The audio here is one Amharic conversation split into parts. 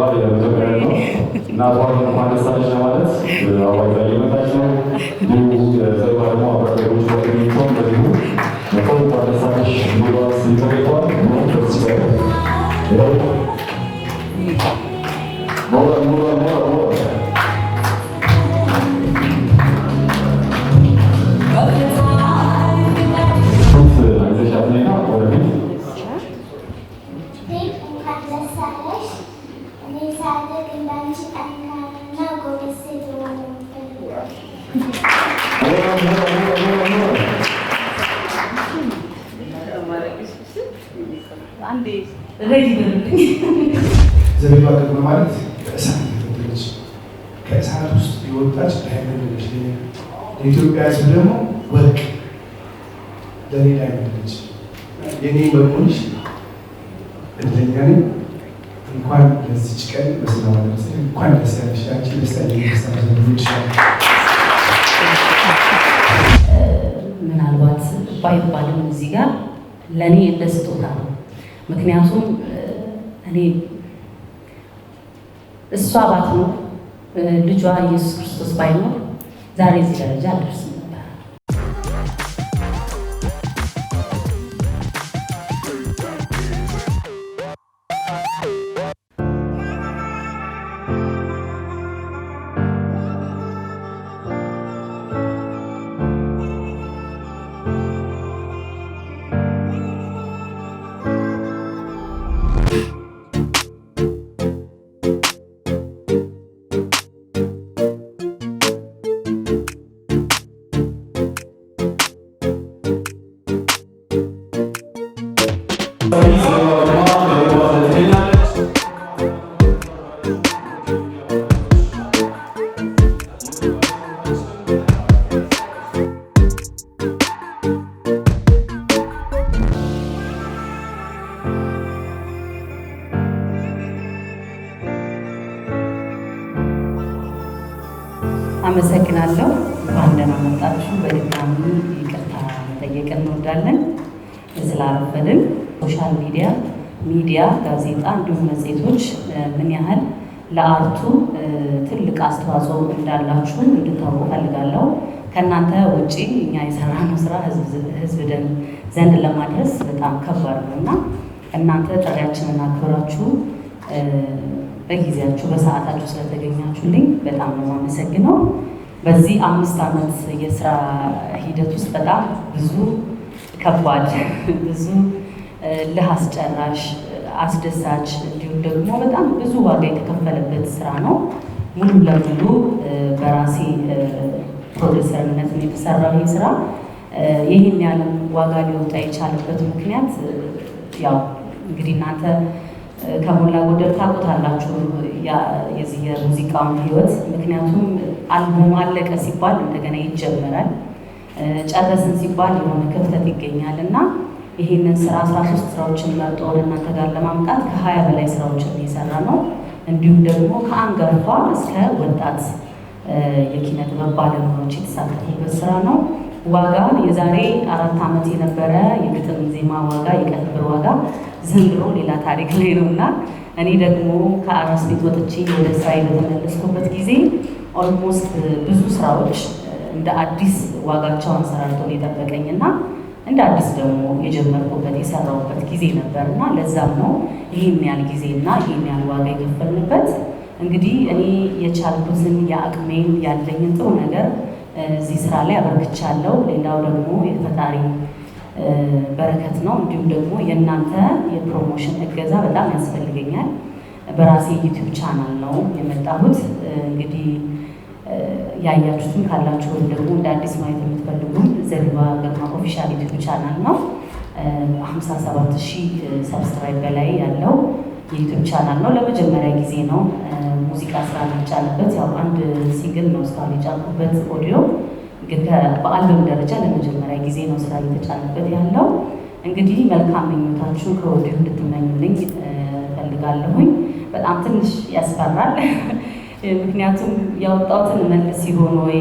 ባል መጀመሪያ ነው እና ተዋል እንኳን ደስ አለሽ ለማለት አዋጅ ላይ የመጣች ነው። እንዲሁ ዘባ ደግሞ አብራደጎች ጓደኞቿም በዚሁ መቆም እንኳን ደስ አለሽ ሚሏት ተገኝተዋል። ደስ ይበል ሙሉ ዘቢባ ቅድመ ማለት ከእሳት የተፈለች ከእሳት ውስጥ የወጣች ዳይመንድ ነች። ለኢትዮጵያ ሕዝብ ደግሞ ወርቅ ለእኔ ዳይመንድ ነች። የኔ እድለኛ ነኝ። እንኳን ለዚች ቀን በሰላም አደረሰ። እንኳን ደስ ያለሽ አንቺ ደስታ ደስታ ይችላል ምናልባት ባይባልም እዚህ ጋር ለእኔ እንደ ስጦታ ነው። ምክንያቱም አሜን። እሷ አባት ነው ልጇ ኢየሱስ ክርስቶስ ባይኖር ዛሬ እዚህ ደረጃ አልደርስም። አመሰግናለሁ። እንኳን ደህና መጣችሁ። በድጋሚ ይቅርታ መጠየቅ እንወዳለን ስላረፈድን። ሶሻል ሚዲያ ሚዲያ፣ ጋዜጣ እንዲሁም መጽሔቶች ምን ያህል ለአርቱ ትልቅ አስተዋጽኦ እንዳላችሁ እንድታውቁ ፈልጋለሁ። ከእናንተ ውጪ እኛ የሰራነው ስራ ህዝብ ዘንድ ለማድረስ በጣም ከባድ ነው እና እናንተ ጥሪያችንን አክብራችሁ በጊዜያችሁ በሰዓታችሁ ስለተገኛችሁልኝ በጣም ነው የማመሰግነው። በዚህ አምስት ዓመት የስራ ሂደት ውስጥ በጣም ብዙ ከባድ ብዙ ልህ አስጨራሽ አስደሳች እንዲሁም ደግሞ በጣም ብዙ ዋጋ የተከፈለበት ስራ ነው። ሙሉ ለሙሉ በራሴ ፕሮዲሰርነት የተሰራው ይህ ስራ ይህን ያለም ዋጋ ሊወጣ የቻለበት ምክንያት ያው እንግዲህ እናንተ ከሞላ ጎደል ታውቁታላችሁ የዚህ የሙዚቃውን ህይወት። ምክንያቱም አልበሙ አለቀ ሲባል እንደገና ይጀመራል፣ ጨረስን ሲባል የሆነ ክፍተት ይገኛል እና ይህንን ስራ አስራ ሶስት ስራዎችን መርጦ ወደ እናንተ ጋር ለማምጣት ከሀያ በላይ ስራዎችን የሰራ ነው። እንዲሁም ደግሞ ከአንጋፋ እስከ ወጣት የኪነ ጥበብ ባለሙያዎች የተሳተፉበት ስራ ነው። ዋጋ የዛሬ አራት ዓመት የነበረ የግጥም ዜማ ዋጋ የቀንብር ዋጋ ዘንድሮ ሌላ ታሪክ ላይ ነው እና እኔ ደግሞ ከአራስ ቤት ወጥቼ ወደ ስራ በተመለስኩበት ጊዜ ኦልሞስት ብዙ ስራዎች እንደ አዲስ ዋጋቸው አንሰራርቶ የጠበቀኝ እና እንደ አዲስ ደግሞ የጀመርኩበት የሰራሁበት ጊዜ ነበር እና ለዛም ነው ይህን ያህል ጊዜ እና ይህን ያህል ዋጋ የከፈልንበት። እንግዲህ እኔ የቻልኩትን የአቅሜን ያለኝን ጥሩ ነገር እዚህ ስራ ላይ አበርክቻለሁ። ሌላው ደግሞ የፈጣሪ በረከት ነው። እንዲሁም ደግሞ የእናንተ የፕሮሞሽን እገዛ በጣም ያስፈልገኛል። በራሴ ዩቲዩብ ቻናል ነው የመጣሁት። እንግዲህ ያያችሁትም ካላችሁ ወይም ደግሞ እንደ አዲስ ማየት የምትፈልጉም ዘቢባ ግርማ ኦፊሻል ዩቲዩብ ቻናል ነው። ሀምሳ ሺህ ሰብስክራይብ በላይ ያለው የዩቲዩብ ቻናል ነው። ለመጀመሪያ ጊዜ ነው ሙዚቃ ስራ የሚቻልበት ያው አንድ ሲንግል ነው ስራ የጫልኩበት ኦዲዮ ግን በአልበም ደረጃ ለመጀመሪያ ጊዜ ነው ስራ እየተጫነበት ያለው። እንግዲህ መልካም ምኞታችሁ ከወዲሁ እንድትመኙልኝ ፈልጋለሁኝ። በጣም ትንሽ ያስፈራል። ምክንያቱም ያወጣሁትን መልስ ሲሆን ወይ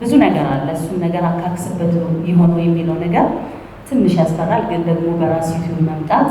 ብዙ ነገር አለ። እሱም ነገር አካክስበት ይሆን የሚለው ነገር ትንሽ ያስፈራል። ግን ደግሞ በራሱ መምጣት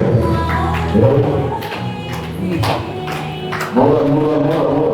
뭐? 뭐? 뭐가 뭐가 뭐가 뭐가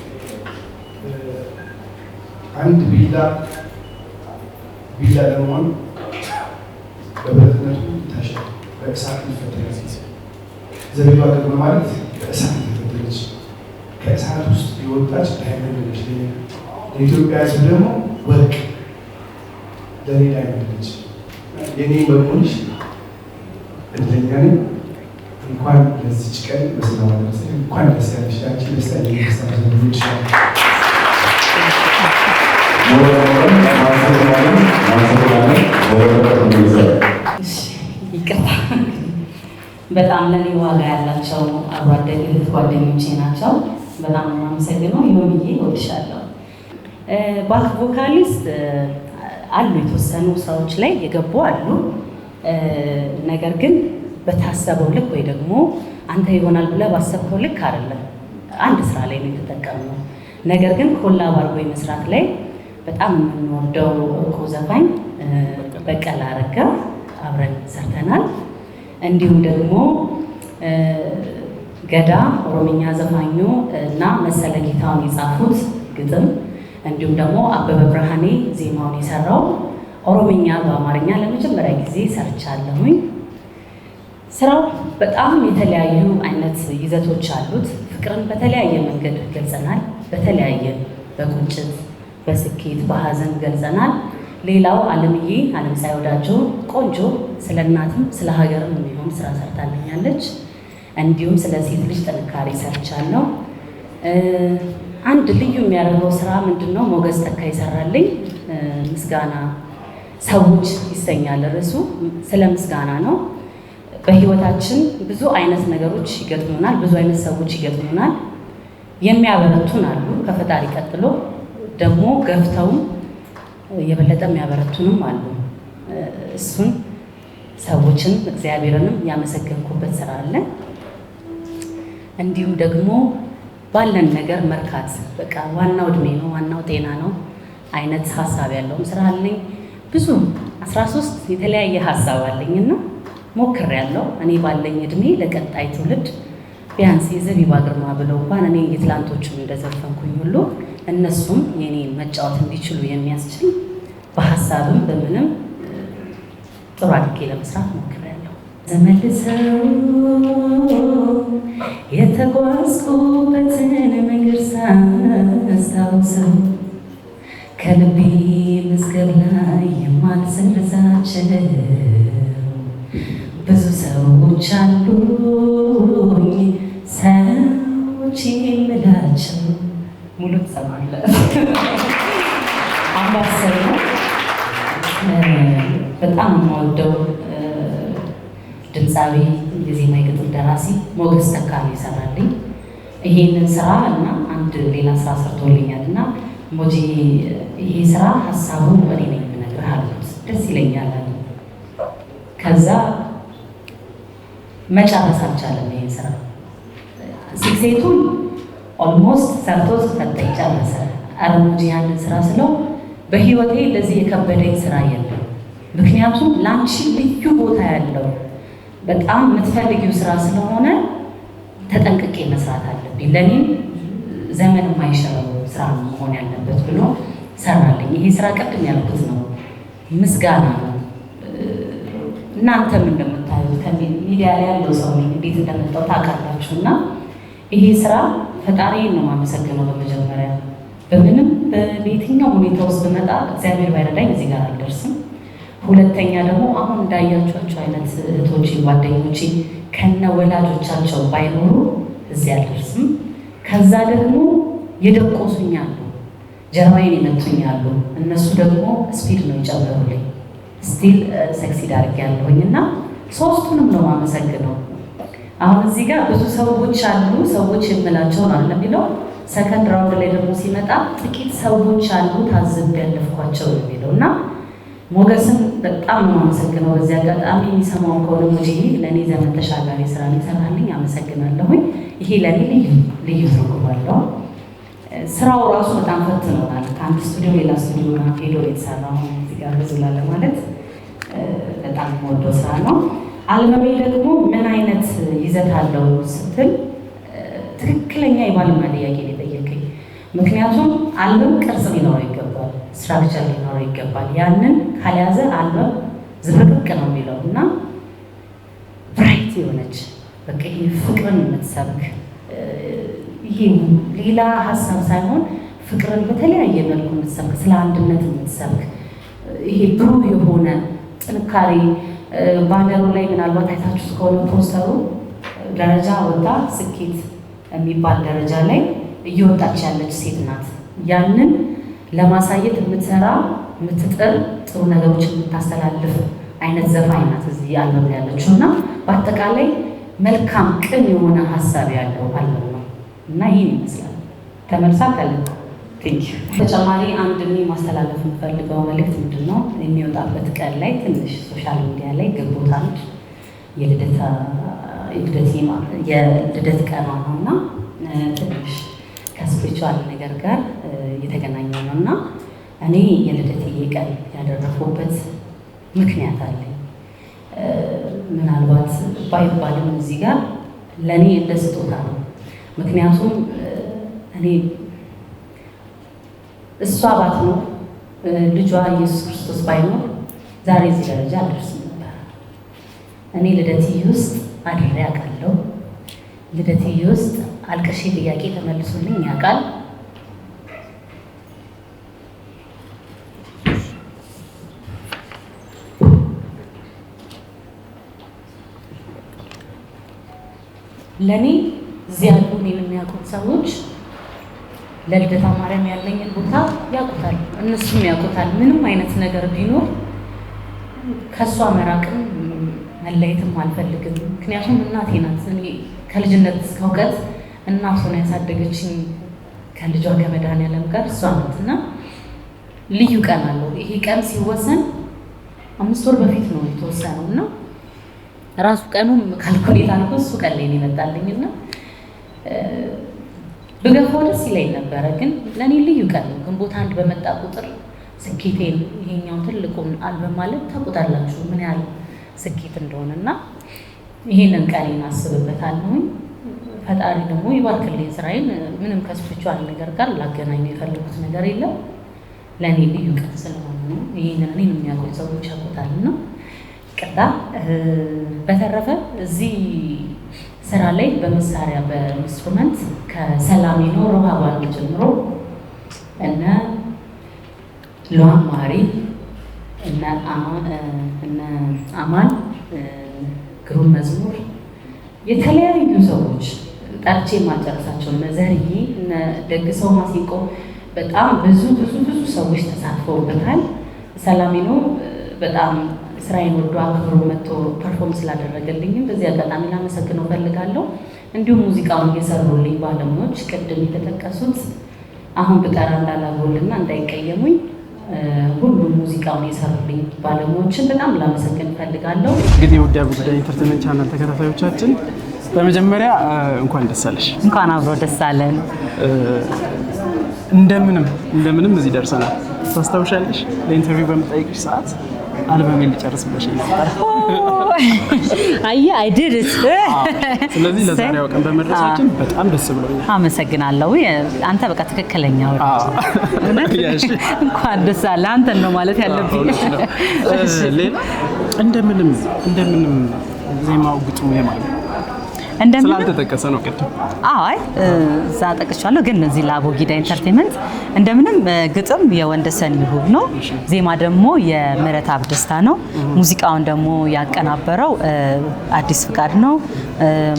አንድ ቢላ ቢላ ለመሆን በብረትነቱ ይታሻል። በእሳት ይፈተናል። ዘቢባ ቅድመ ማለት በእሳት የተፈተነች ከእሳት ውስጥ የወጣች ዳይመንድ ነች። ለኢትዮጵያ ሕዝብ ደግሞ ወርቅ ለእኔ ዳይመንድ ነች። የኔ መሆንሽ እድለኛ ነኝ። እንኳን ለዚች ቀን በሰላም አደረሰሽ። እንኳን ደስ ያለሽ። ያቺ ደስታ ደስታ ይችላል በጣም ለኔ ዋጋ ያላቸው አብሮ አደግ እህት ጓደኞቼ ናቸው። በጣም የማመሰግነው ይሁን እወድሻለሁ። ባክ ቮካሊስት አሉ የተወሰኑ ስራዎች ላይ የገቡ አሉ። ነገር ግን በታሰበው ልክ ወይ ደግሞ አንተ ይሆናል ብለህ ባሰብከው ልክ አይደለም። አንድ ስራ ላይ ነው የተጠቀምነው። ነገር ግን ኮላብ አድርጎ መስራት ላይ በጣም የምንወደው እውቁ ዘፋኝ በቀለ አረጋ አብረን ሰርተናል። እንዲሁም ደግሞ ገዳ ኦሮምኛ ዘፋኙ እና መሰለ ጌታውን የጻፉት ግጥም እንዲሁም ደግሞ አበበ ብርሃኔ ዜማውን የሰራው ኦሮምኛ በአማርኛ ለመጀመሪያ ጊዜ ሰርቻለሁኝ። ስራው በጣም የተለያዩ አይነት ይዘቶች አሉት። ፍቅርን በተለያየ መንገድ ገልጸናል። በተለያየ በቁጭት በስኬት በሀዘን ገልጸናል። ሌላው አለምዬ አለምፀሐይ ወዳጆ ቆንጆ ስለ እናትም ስለ ሀገርም የሚሆን ስራ ሰርታልኛለች። እንዲሁም ስለ ሴት ልጅ ጥንካሬ ሰርቻለሁ። አንድ ልዩ የሚያደርገው ስራ ምንድን ነው? ሞገስ ተካ ይሰራልኝ ምስጋና ሰዎች ይሰኛል። ርዕሱ ስለ ምስጋና ነው። በህይወታችን ብዙ አይነት ነገሮች ይገጥሙናል፣ ብዙ አይነት ሰዎች ይገጥሙናል። የሚያበረቱን አሉ ከፈጣሪ ቀጥሎ ደግሞ ገፍተው የበለጠ የሚያበረቱንም አሉ። እሱን ሰዎችን እግዚአብሔርንም ያመሰገንኩበት ስራ አለ። እንዲሁም ደግሞ ባለን ነገር መርካት በቃ ዋናው እድሜ ነው፣ ዋናው ጤና ነው አይነት ሀሳብ ያለውም ስራ አለኝ። ብዙ ሶስት የተለያየ ሀሳብ አለኝና ሞክር ያለው እኔ ባለኝ እድሜ ለቀጣይ ትውልድ ቢያንስ የዘቢባ ግርማ ብለው እንኳን እኔ የትላንቶቹን እንደዘፈንኩኝ ሁሉ እነሱም የኔ መጫወት እንዲችሉ የሚያስችል በሀሳብም በምንም ጥሩ አድጌ ለመስራት ሞክሬያለሁ። ተመልሰው የተጓዝኩበትን መንገድ ሳስታውሰው ከልቤ መዝገብ ላይ የማልሰርዛቸው ብዙ ሰዎች አሉ። ሰዎች የምላቸው ሙሉ ትሰማለ አምባሰል በጣም የምወደው ድምፃዊ የዜማ የግጥም ደራሲ ሞገስ ተካ ነው ይሰራልኝ። ይሄንን ስራ እና አንድ ሌላ ስራ ሰርቶልኛል እና ሞጂ ይሄ ስራ ሀሳቡ እኔ ነኝ የምነግርህ አልኩት። ደስ ይለኛል አለ። ከዛ መጨረስ አልቻለም ይሄን ስራ ስክሴቱን ኦልሞስት ሰርቶ ፈጠኝ ጨረሰ። አረሙጂ ያንን ስራ ስለው በህይወቴ ለዚህ የከበደኝ ስራ የለም። ምክንያቱም ለአንቺ ልዩ ቦታ ያለው በጣም የምትፈልጊው ስራ ስለሆነ ተጠንቅቄ መስራት አለብኝ። ለእኔም ዘመን የማይሽረው ስራ መሆን ያለበት ብሎ ሰራልኝ። ይሄ ስራ ቅድም ያልኩት ነው፣ ምስጋና ነው። እናንተም እንደምታዩት ከሚዲያ ላይ ያለው ሰው እንዴት እንደመጣው ታውቃላችሁ እና ይሄ ስራ ፈጣሪን ነው ማመሰግነው። በመጀመሪያ በምንም በየትኛው ሁኔታ ውስጥ ብመጣ እግዚአብሔር ባይረዳኝ እዚህ ጋር አልደርስም። ሁለተኛ ደግሞ አሁን እንዳያቸቸው አይነት እህቶች ጓደኞች ከነ ወላጆቻቸው ባይኖሩ እዚህ አልደርስም። ከዛ ደግሞ የደቆሱኝ አሉ፣ ጀርባዬን የመቱኝ አሉ። እነሱ ደግሞ ስፒድ ነው ይጨምሩልኝ። ስቲል ሰክሲድ ያለሁኝ እና ሶስቱንም ነው ማመሰግነው። አሁን እዚህ ጋር ብዙ ሰዎች አሉ፣ ሰዎች የምላቸው ነው አለ ለሚለው ሰከንድ ራውንድ ላይ ደግሞ ሲመጣ ጥቂት ሰዎች አሉ ታዝብ ያለፍኳቸው የሚለው እና ሞገስን በጣም ነው አመሰግነው። በዚህ አጋጣሚ የሚሰማው ከሆነ ሞጂ ለእኔ ዘመን ተሻጋሪ ስራ ይሰራልኝ፣ አመሰግናለሁኝ። ይሄ ለእኔ ልዩ ልዩ ትርጉም አለው። ስራው ራሱ በጣም ፈትኖናል። ከአንድ ስቱዲዮ ሌላ ስቱዲዮ ሄዶ የተሰራው እዚህ ጋር ብዙ ላለ ማለት በጣም ወዶ ስራ ነው። አልበሜ ደግሞ ምን አይነት ይዘት አለው ስትል ትክክለኛ የባለሙያ ጥያቄ ነው የጠየቀኝ። ምክንያቱም አልበም ቅርጽ ሊኖረው ይገባል፣ ስትራክቸር ሊኖረው ይገባል። ያንን ካልያዘ አልበም ዝብርቅርቅ ነው የሚለው እና ብራይት የሆነች በቃ ይሄ ፍቅርን የምትሰብክ ይሄ ሌላ ሀሳብ ሳይሆን ፍቅርን በተለያየ መልኩ የምትሰብክ ስለ አንድነት የምትሰብክ ይሄ ብሩህ የሆነ ጥንካሬ ባነሩ ላይ ምናልባት አይታችሁ እስከሆነ ፖስተሩ ደረጃ ወጣ ስኬት የሚባል ደረጃ ላይ እየወጣች ያለች ሴት ናት። ያንን ለማሳየት የምትሰራ የምትጥር ጥሩ ነገሮች የምታስተላልፍ አይነት ዘፋኝ ናት እዚህ አለም ያለችው እና በአጠቃላይ መልካም ቅን የሆነ ሀሳብ ያለው አለም ነው እና ይህን ይመስላል ተመልሳ ተጨማሪ አንድ ሚ ማስተላለፍ የምፈልገው መልእክት ምንድን ነው? የሚወጣበት ቀን ላይ ትንሽ ሶሻል ሚዲያ ላይ ግንቦት አንድ የልደት ቀኗ ነው እና ትንሽ ከስፕሪቹዋል ነገር ጋር የተገናኘ ነው እና እኔ የልደት ቀን ያደረኩበት ምክንያት አለኝ። ምናልባት ባይባልም እዚህ ጋር ለእኔ እንደ ስጦታ ነው። ምክንያቱም እኔ እሷ አባት ነው ልጇ ኢየሱስ ክርስቶስ ባይኖር ዛሬ እዚህ ደረጃ አልደርስ ነበር። እኔ ልደትዬ ውስጥ አድሬ አውቃለሁ! ልደትዬ ውስጥ አልቀሼ ጥያቄ ተመልሶልኝ ያውቃል። ለእኔ እዚህ ያሉ እኔን የሚያውቁት ሰዎች ለልደታ ማርያም ያለኝን ቦታ ያውቁታል፣ እነሱም ያውቁታል። ምንም አይነት ነገር ቢኖር ከእሷ መራቅም መለየትም አልፈልግም። ምክንያቱም እናቴ ናት። እኔ ከልጅነት እስከ እውቀት እናት ሆነ ያሳደገችኝ ከልጇ ከመድኃኒዓለም ጋር እሷ ናት እና ልዩ ቀን አለው። ይሄ ቀን ሲወሰን አምስት ወር በፊት ነው የተወሰነው እና ራሱ ቀኑም ካልኩሌት አልኩ እሱ ቀን ላይ ነው ይመጣልኝ እና ብገፋው ደስ ይለኝ ነበረ፣ ግን ለእኔ ልዩ ቀን ነው። ግንቦት አንድ በመጣ ቁጥር ስኬቴን ይሄኛው ትልቁን አልበም ማለት ታውቁታላችሁ ምን ያህል ስኬት እንደሆነ እና ይሄንን ቀኔን አስብበታለሁኝ። ፈጣሪ ደግሞ ይባርክልኝ ስራዬን። ምንም ከስፒሪቹዋል ነገር ጋር ላገናኝ የፈለጉት ነገር የለም። ለእኔ ልዩ ቀን ስለሆነ ነው። ይህንን እኔን የሚያውቁኝ ሰዎች ያውቁታል ነው። ቅጣ በተረፈ እዚህ ስራ ላይ በመሳሪያ በኢንስትሩመንት ከሰላሚኖ ሮሃ ባንድ ጀምሮ እነ ሎሃን ማሪ እነ አማን ግሩም መዝሙር የተለያዩ ሰዎች ጠርቼ የማልጨርሳቸው እነ ዘርዬ እነ ደግሰው ማሲንቆ በጣም ብዙ ብዙ ብዙ ሰዎች ተሳትፈውበታል። ሰላሚኖ በጣም ስራዬን ወዶ አክብሮ መጥቶ ፐርፎርም ስላደረገልኝም በዚህ አጋጣሚ ላመሰግነው ፈልጋለሁ። እንዲሁም ሙዚቃውን የሰሩልኝ ባለሙያዎች ቅድም የተጠቀሱት አሁን ብጠራ እንዳላጎልና እንዳይቀየሙኝ ሁሉም ሙዚቃውን የሰሩልኝ ባለሙያዎችን በጣም ላመሰግን ፈልጋለሁ። እንግዲህ ውድ ጉዳይ ኢንተርቴንመንት ቻናል ተከታታዮቻችን በመጀመሪያ እንኳን ደስ አለሽ። እንኳን አብሮ ደስ አለን። እንደምንም እንደምንም እዚህ ደርሰናል። ታስታውሻለሽ ለኢንተርቪው በምጠይቅሽ ሰዓት አልበሜን ልጨርስ ብለሽ ነበር። አይ ስለዚህ ለዛሬው ቀን በመድረሳችን በጣም ደስ ብሎኛል። አመሰግናለሁ። አንተ በቃ ትክክለኛ እንኳን ደስ አለ። አንተን ነው ማለት ያለብኝ። ሌላ እንደምንም እንደምንም ዜማው ግጥሙ የማለት ስላልተጠቀሰ ነው ቅድም። አይ እዛ ጠቅሻለሁ፣ ግን እዚህ ለአቦጊዳ ኢንተርቴንመንት እንደምንም ግጥም የወንደሰን ይሁብ ነው፣ ዜማ ደግሞ የምህረት አብደስታ ነው። ሙዚቃውን ደግሞ ያቀናበረው አዲስ ፍቃድ ነው።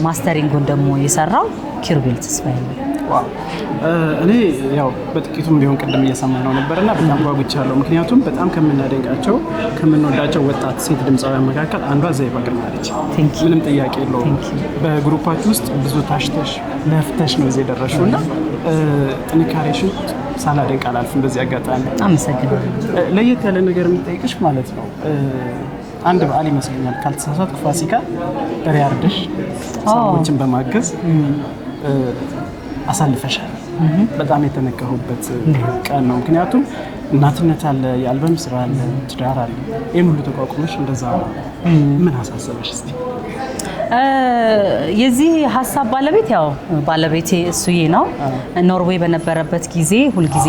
ማስተሪንጉን ደግሞ የሰራው ኪሩቤል ተስፋዬ ነው። እኔ ያው በጥቂቱም ቢሆን ቅድም እየሰማነው ነው ነበርና በጣም ጓጉቻለሁ። ምክንያቱም በጣም ከምናደንቃቸው ከምንወዳቸው ወጣት ሴት ድምፃውያን መካከል አንዷ ዘይባ ግርማ ነች። ምንም ጥያቄ የለውም። በግሩፓችሁ ውስጥ ብዙ ታሽተሽ ለፍተሽ ነው እዚህ የደረሽው እና ጥንካሬሽን ሳላደንቅ አላልፍም። በዚህ አጋጣሚ አመሰግናለሁ። ለየት ያለ ነገር የምጠይቅሽ ማለት ነው አንድ በዓል ይመስለኛል ካልተሳሳትኩ ፋሲካ ሪያርድሽ ሰዎችን በማገዝ አሳልፈሻል። በጣም የተነቀሁበት ቀን ነው። ምክንያቱም እናትነት አለ፣ የአልበም ስራ አለ፣ ትዳር አለ። ይህም ሁሉ ተቋቁመሽ እንደዛ ምን አሳሰበሽ እስቲ? የዚህ ሀሳብ ባለቤት ያው ባለቤቴ እሱዬ ነው። ኖርዌይ በነበረበት ጊዜ ሁልጊዜ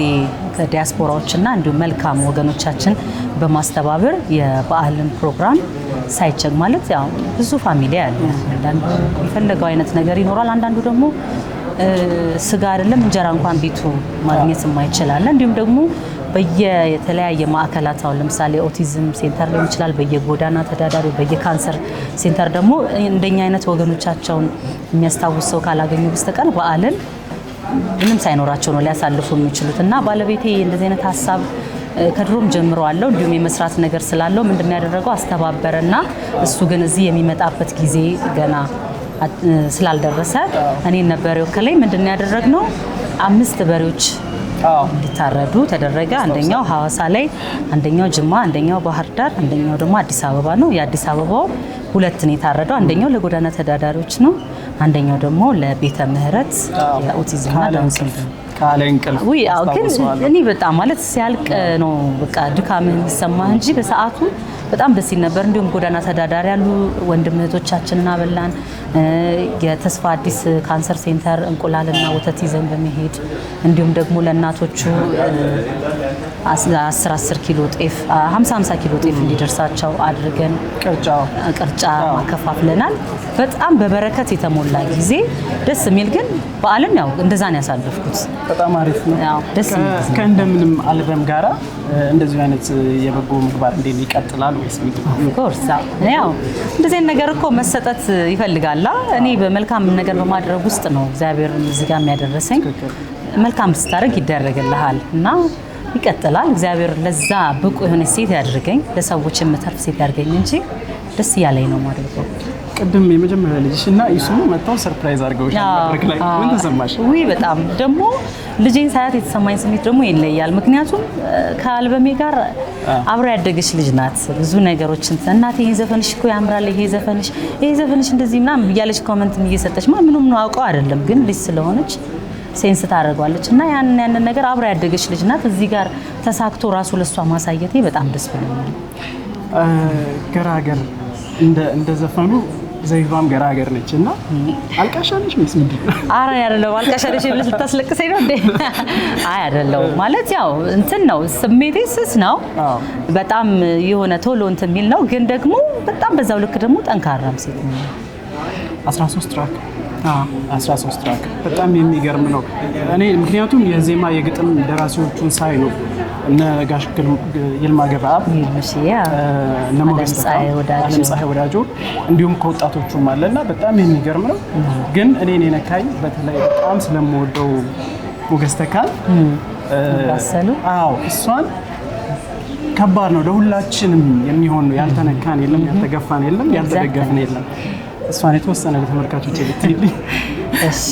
ዲያስፖራዎችና እንዲሁም መልካም ወገኖቻችን በማስተባበር የበዓልን ፕሮግራም ሳይቸግ ማለት ያው ብዙ ፋሚሊ ያለ አንዳንዱ የፈለገው አይነት ነገር ይኖራል። አንዳንዱ ደግሞ ስጋ አይደለም እንጀራ እንኳን ቤቱ ማግኘት የማይችላለ እንዲሁም ደግሞ በየተለያየ ማዕከላት አሁን ለምሳሌ ኦቲዝም ሴንተር ሊሆን ይችላል፣ በየጎዳና ተዳዳሪ፣ በየካንሰር ሴንተር ደግሞ እንደኛ አይነት ወገኖቻቸውን የሚያስታውስ ሰው ካላገኙ በስተቀር በዓልን ምንም ሳይኖራቸው ነው ሊያሳልፉ የሚችሉት እና ባለቤቴ እንደዚህ አይነት ሀሳብ ከድሮም ጀምሮ አለው። እንዲሁም የመስራት ነገር ስላለው ምንድን ያደረገው አስተባበረና እሱ ግን እዚህ የሚመጣበት ጊዜ ገና ስላልደረሰ እኔን ነበር የወከለኝ። ምንድን ያደረግነው አምስት በሬዎች እንዲታረዱ ተደረገ። አንደኛው ሀዋሳ ላይ፣ አንደኛው ጅማ፣ አንደኛው ባህር ዳር፣ አንደኛው ደግሞ አዲስ አበባ ነው። የአዲስ አበባው ሁለት ነው የታረደው። አንደኛው ለጎዳና ተዳዳሪዎች ነው፣ አንደኛው ደግሞ ለቤተ ምህረት የኦቲዝምና ዳውን ሲንድሮም ግን እኔ በጣም ማለት ሲያልቅ ነው በቃ ድካም የሚሰማህ እንጂ በሰዓቱ በጣም ደስ ይል ነበር። እንዲሁም ጎዳና ተዳዳሪ ያሉ ወንድም እህቶቻችንን አበላን። የተስፋ አዲስ ካንሰር ሴንተር እንቁላልና ወተት ይዘን በመሄድ እንዲሁም ደግሞ ለእናቶቹ አስር አስር ኪሎ ጤፍ ሀምሳ ሀምሳ ኪሎ ጤፍ እንዲደርሳቸው አድርገን ቅርጫ ማከፋፍለናል። በጣም በበረከት የተሞላ ጊዜ ደስ የሚል ግን በዓልን ያው እንደዛን ያሳለፍኩት። በጣም አሪፍ ነው። ደስ ከእንደምንም አልበም ጋራ እንደዚሁ አይነት የበጎ ምግባር እንዴት ይቀጥላል ኮርስ ያው እንደዚህ ነገር እኮ መሰጠት ይፈልጋላ። እኔ በመልካም ነገር በማድረግ ውስጥ ነው እግዚአብሔር እዚህ ጋር የሚያደረሰኝ። መልካም ስታደርግ ይደረግልሃል እና ይቀጥላል። እግዚአብሔር ለዛ ብቁ ሴት ያድርገኝ፣ ለሰዎች የምተርፍ ሴት ያድርገኝ እንጂ ደስ እያለኝ ነው ማድረገው። ቅድም የመጀመሪያ ልጅሽ እና ይሱሙ መጥተው ሰርፕራይዝ አድርገውሽ መድረክ ላይ ምን ተሰማሽ? ውይ በጣም ደግሞ ልጄን ሳያት የተሰማኝ ስሜት ደግሞ ይለያል። ምክንያቱም ከአልበሜ ጋር አብሮ ያደገች ልጅ ናት። ብዙ ነገሮችን እናት ይሄ ዘፈንሽ እኮ ያምራል፣ ይሄ ዘፈንሽ ይሄ ዘፈንሽ እንደዚህ ምናምን እያለች ኮመንት እየሰጠች ማ ምንም ነው አውቀው አይደለም ግን ልጅ ስለሆነች ሴንስ ታደርጓለች እና ያንን ያንን ነገር አብሮ ያደገች ልጅ ናት። እዚህ ጋር ተሳክቶ ራሱ ለእሷ ማሳየቴ በጣም ደስ ብሎኛል። ገራገር እንደ ዘፈኑ ዘይባም ገራገር ነች እና አልቃሻ ነች ወይስ ምንድን ነው? ኧረ እኔ አይደለሁም። አልቃሻ ነች ብለህ ስታስለቅሰኝ ነው እንዴ? አይ አይደለሁም። ማለት ያው እንትን ነው ስሜቴ ስስ ነው። በጣም የሆነ ቶሎ እንትን የሚል ነው፣ ግን ደግሞ በጣም በዛው ልክ ደግሞ ጠንካራም ሴት ነው። 13 ትራክ 13 ትራክ በጣም የሚገርም ነው። እኔ ምክንያቱም የዜማ የግጥም ደራሲዎቹን ሳይ ነው እነ ጋሽ ይልማ ገብረአብ፣ እነ ሞገስ አለምፀሐይ ወዳጆ እንዲሁም ከወጣቶቹም አለና በጣም የሚገርም ነው። ግን እኔን የነካኝ በተለይ በጣም ስለምወደው ሞገስ ተካል እሷን ከባድ ነው። ለሁላችንም የሚሆን ነው። ያልተነካን የለም፣ ያልተገፋን የለም፣ ያልተደገፍን የለም። እሷን የተወሰነ ለተመልካቾች ልትይልኝ። እሺ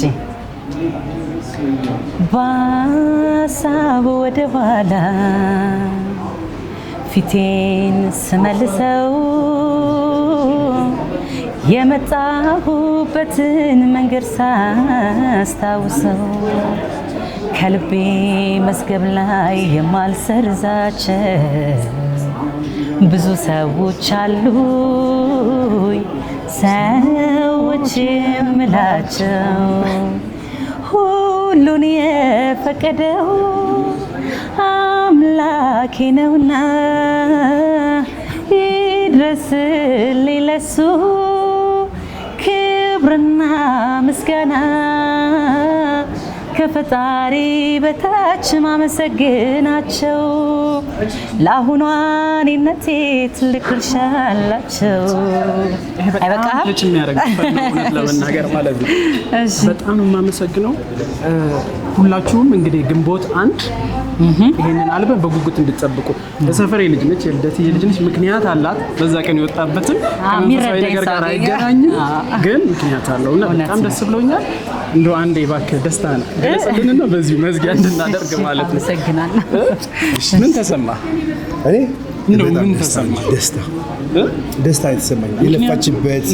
በሀሳብ ወደ ኋላ ፊቴን ስመልሰው የመጣሁበትን መንገድ ሳስታውሰው ከልቤ መዝገብ ላይ የማልሰርዛቸው ብዙ ሰዎች አሉኝ ሰዎች የምላቸው ሁሉን የፈቀደው አምላኬ ነውና ይድረስልኝ ለሱ ክብርና ምስጋና ከፈጣሪ በታች ማመሰግናቸው ለአሁኗ እኔነቴ ትልቅ ድርሻ አላቸው። አይበቃም ለመናገር ማለት ነው። በጣም ነው የማመሰግነው። ሁላችሁም እንግዲህ ግንቦት አንድ ይሄንን አልበም በጉጉት እንድትጠብቁ። የሰፈሬ ልጅ ነች፣ የልደት ልጅ ነች። ምክንያት አላት። በዛ ቀን የወጣበትም ከመንፈሳዊ ነገር ጋር አይገናኝም፣ ግን ምክንያት አለው እና በጣም ደስ ብሎኛል። እንደው አንዴ እባክህ ደስታ ነው ስለገለጸልን በዚሁ መዝጊያ እንድናደርግ ማለት ነው። አመሰግናለሁ። ምን ተሰማ? እኔ ምን ተሰማ? ደስታ ደስታ የተሰማኝ የለፋችበት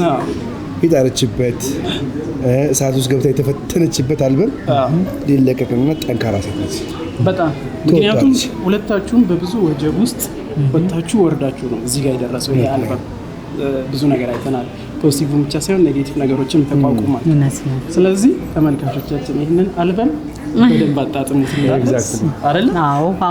የጣረችበት እሳት ውስጥ ገብታ የተፈተነችበት አልበም ሊለቀቅና ጠንካራ ሴት ነች በጣም ምክንያቱም ሁለታችሁም በብዙ ወጀብ ውስጥ ወጥታችሁ ወርዳችሁ ነው እዚህ ጋር የደረሰው ይሄ አልበም ብዙ ነገር አይተናል። ፖዚቲቭ ብቻ ሳይሆን ኔጌቲቭ ነገሮችን ተቋቁማል። ስለዚህ ተመልካቾቻችን ይህንን አልበን። በደንብ አጣጥሙት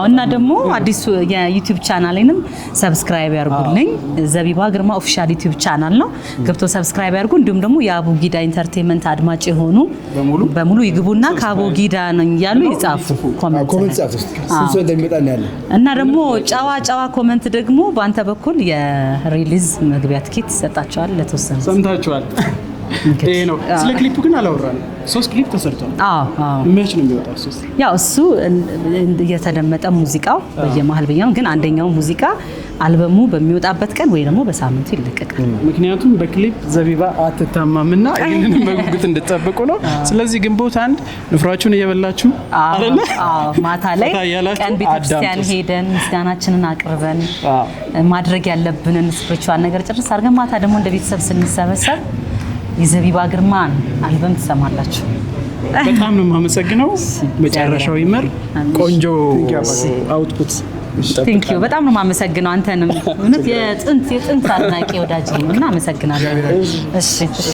እና ደግሞ አዲሱ የዩቲዩብ ቻናሌንም ሰብስክራይብ ያርጉልኝ። ዘቢባ ግርማ ኦፊሻል ዩቲዩብ ቻናል ነው፣ ገብቶ ሰብስክራይብ ያርጉ። እንዲሁም ደግሞ የአቡጊዳ ኢንተርቴንመንት አድማጭ የሆኑ በሙሉ ይግቡና ከአቡጊዳ ነኝ እያሉ ይጻፉ። ኮሜንት እና ደግሞ ጨዋ ጨዋ ኮመንት ደግሞ በአንተ በኩል የሪሊዝ መግቢያ ትኬት ይሰጣቸዋል። ለተወሰነ ሰምታችኋል። ይሄ ነው። ስለ ግን አላወራንም። ሶስት ክሊፕ ተሰርቷል። መች ነው የሚወጣው? ሶስት ያው እሱ የተደመጠ ሙዚቃው በየመሀል ግን አንደኛው ሙዚቃ አልበሙ በሚወጣበት ቀን ወይ ደግሞ በሳምንቱ ይለቀቃል። ምክንያቱም በክሊፕ ዘቢባ አትታማምና ይህንን በጉጉት እንድጠብቁ ነው። ስለዚህ ግንቦት አንድ ንፍራችሁን እየበላችሁ ማታ ላይ ቀን ቤተክርስቲያን ሄደን ምስጋናችንን አቅርበን ማድረግ ያለብንን ስፕሪቹዋል ነገር ጭርስ አድርገን ማታ ደግሞ እንደ ቤተሰብ ስንሰበሰብ የዘቢባ ግርማን አልበም ትሰማላችሁ። በጣም ነው የማመሰግነው። መጨረሻው ይመር። ቆንጆ አውትፑት። ቴንክ ዩ። በጣም ነው የማመሰግነው አንተንም። እውነት የጥንት የጥንት አድናቂ ወዳጅ እና አመሰግናለሁ። እሺ